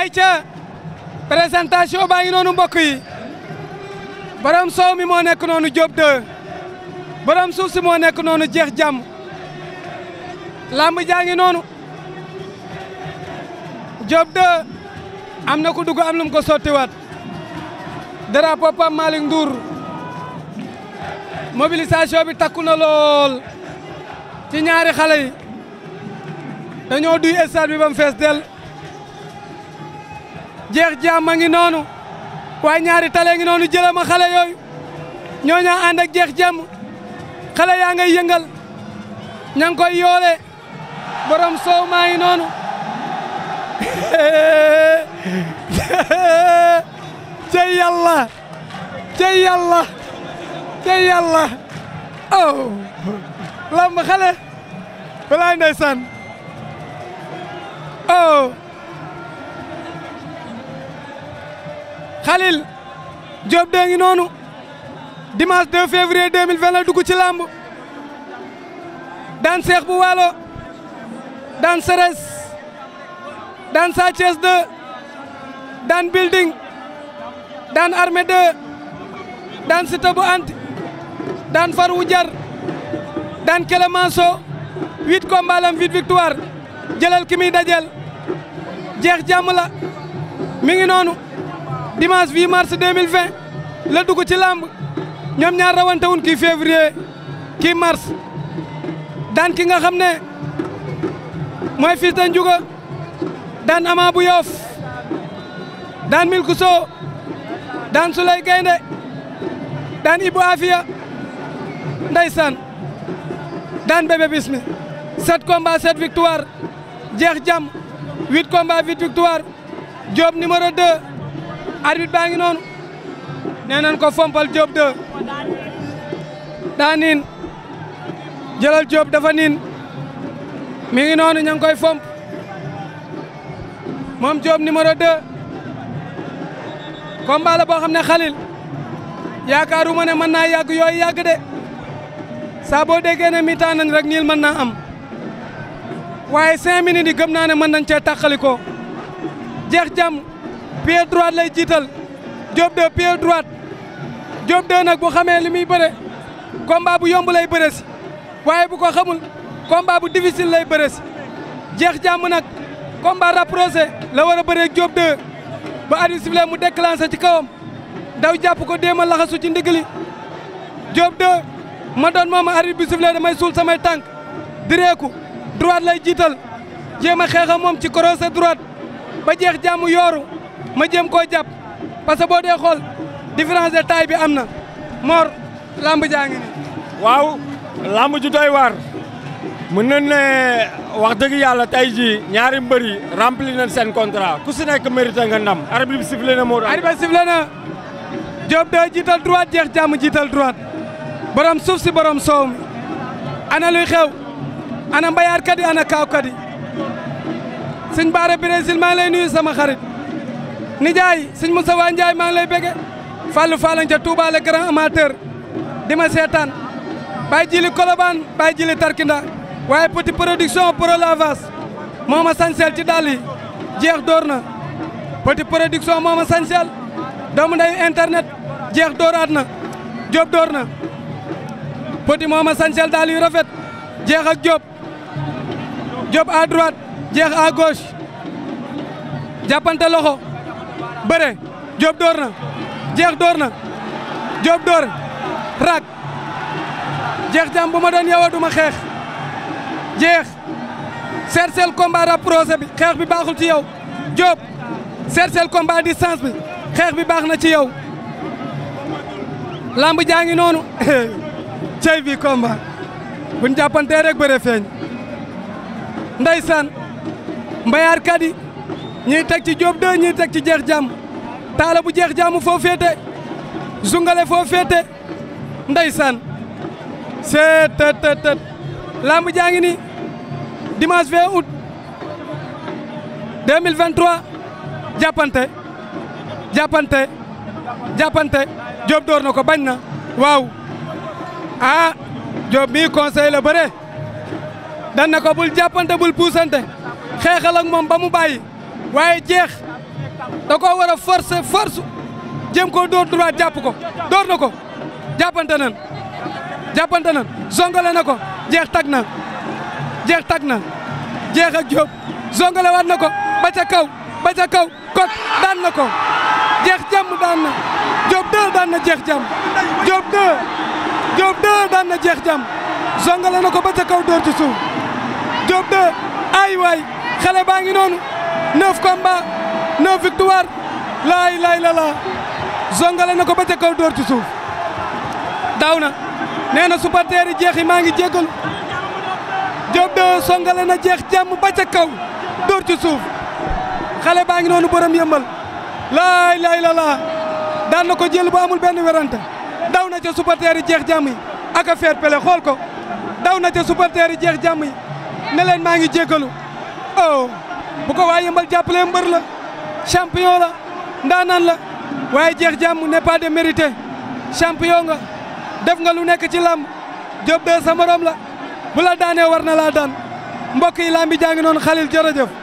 ayca présentation baa ngi noonu mbokk yi borom soow mi moo nekk noonu Diop 2 borom suuf si moo nekk noonu jeex jàmm làmb jaa ngi noonu Diop 2 am na ku dugg am lu mu ko sottiwaat drapeau Pape Malick Ndour mobilisation bi takku na lool ci ñaari xale yi dañoo duy stade bi ba fees del jeex jaam ma ngi noonu waaye ñaari tale ngi noonu jëlee ma xale yooyu ñoo ñaa ànd jeex jàmm xale yaa ngay yëngal ña koy yoolee borom soow maa ngi noonu cey yàlla cey yàlla cey yàlla aw oh. lamb xale walaay ndeysaan aw oh. Khalil Diop dee ngi noonu dimanche 2 février 2020 ci làmb daan Seex bu Waalo daan Seres daan Sa Thiès daan Building daan Armée 2 daan Siteu Ant daan Farou Jar daan Kélémanso huit combats lam huit victoire jëlal ki jeex jàmm la dimanche 8 mars 2020 la dugg ci làmb ñoom ñaar rawante wuñ kii février kii mars daan ki nga xam ne mooy fils de Ndiouga daan Ama bu Yoff daan Milku Sow daan Souley Gaynde daan Ibou Afia ndeysaan daan Bébé Bismi sept combats sept victoire jeex jàmm huit combats huit victoire Diop numéro 2 arbitre baa ngi noonu nee nañ ko fompal Diop 2 daa niin jëlal Diop dafa niin mi ngi noonu ña koy fomp moom Diop numéro 2 combat la boo xam ne xalil yaakaaruma ne mën naa yàgg yooyu yàgg de saa boo déggee ne mi-temps nañ rek niil mën naa am waaye cinq minutes yi gëm naa ne mën nañ cee tàqali ko jeex jàmm pied droite lay jiital Diop 2 pied droite Diop 2 nag bu xamee li muy bëre combat bu yomb lay bëre waaye bu ko xamul combat bu difficile lay bëre jeex jàmm nag combat rapproché la war a bëree Diop 2 ba arbitre sifflé mu déclenché ci kawam daw jàpp ko déema laxasu ci ndigli Diop 2 ma doon ma arbitre bi sifflé damay suul samay tànk direeku droite lay jiital jéem a xeexa moom ci croisé droite ba jeex jàmm yooru ma jëm koo jàpp parce que boo dee xool différence de bi am na Mor lamb jaa ngi nii. waaw lamb ju doy waar mën ne wax dëgg yàlla tey jii ñaari mbër yi rempli nañ seen contrat ku si nekk mérité nga ndam. arbitre bi sifflé na Mor. arbitre jiital droite jeex jàmm jiital droite borom suuf si borom soow mi ana luy xew ana mbayaar kat yi ana kaaw kat yi sëñ Baara Brésil nuyu sama xarit. nijaay sëñ Moustapha Ndiaye maa ngi lay bége Fallou Fallang ca Touba le grand di ma seetaan bàyyi jili Colobane bàyyi jili Tarkinda waaye petit production pro lavas moo ma sañseel ci dàll jeex door na petit production moo ma sañseel doomu ndeyu internet jeex dooraat na Diop door na petit moo ma yu rafet jeex ak Diop Diop à droite jeex à gauche loxo bëre Diop door na jeex door na Diop door raak jeex jam bu ma doon yow a duma xeex jeex sersel combat rapproché bi xeex bi baaxul ci yow Diop seel combat distance bi xeex bi baax na ci yow lamb jaa ngi noonu cey bi combat buñ jàppantee rek bëre feeñ ndeysaan mbayaar kadi ñuy teg ci Diop 2 ñuy teg ci jeex jàmm taala bu jeex jàmm foo féete zungale foo féete ndeysaan seet tët tët lamb jaa ngi ni dimanche 20 août 2023 jàppante jàppante jàppante Diop na ko bañ na waaw ah Diop mii conseil la bare dan ko bul jàppante bul puusante xeexal ak moom ba mu bàyyi waaye jeex da koo war a forcer force jëm ko dóor droit jàpp ko dóor na ko jàppante nan jàppante nan zongale na ko jeex tag na jeex tag na jeex ak Diop zongale na ko ba ca kaw ba ca kaw kot daan ko jeex jàmm daan na Diop 2 daan na jeex jàmm Diop 2 Diop 2 daan na jeex jàmm zongale na ko ba ca kaw dóor ci suuf ay waay xale baa ngi noonu neuf combats neuf victoire laay laay la laa zongale na ko ba ca kaw dóor ci suuf daw na nee na supporter jeex yi maa ngi jéggalu Diop de songale na jeex jàmm ba ca kaw dóor ci suuf xale baa ngi noonu borom yëmbal laay laay la laa daan na ko jël bu amul benn werante daw na ca supporter yi jeex jàmm yi ak a pele xool ko daw na ca supporter yi jeex jàmm yi ne leen maa ngi jéggalu oh. bu ko waa yëmbal jàppalee mbër la champion la ndaanaan la waaye jeex jàmm n'est pas démérité champion nga def nga lu nekk ci làmb Diop de sa morom la bu la daanee war na laa daan mbokk yi làmb bi jaa ngi noonu Xalil jërëjëf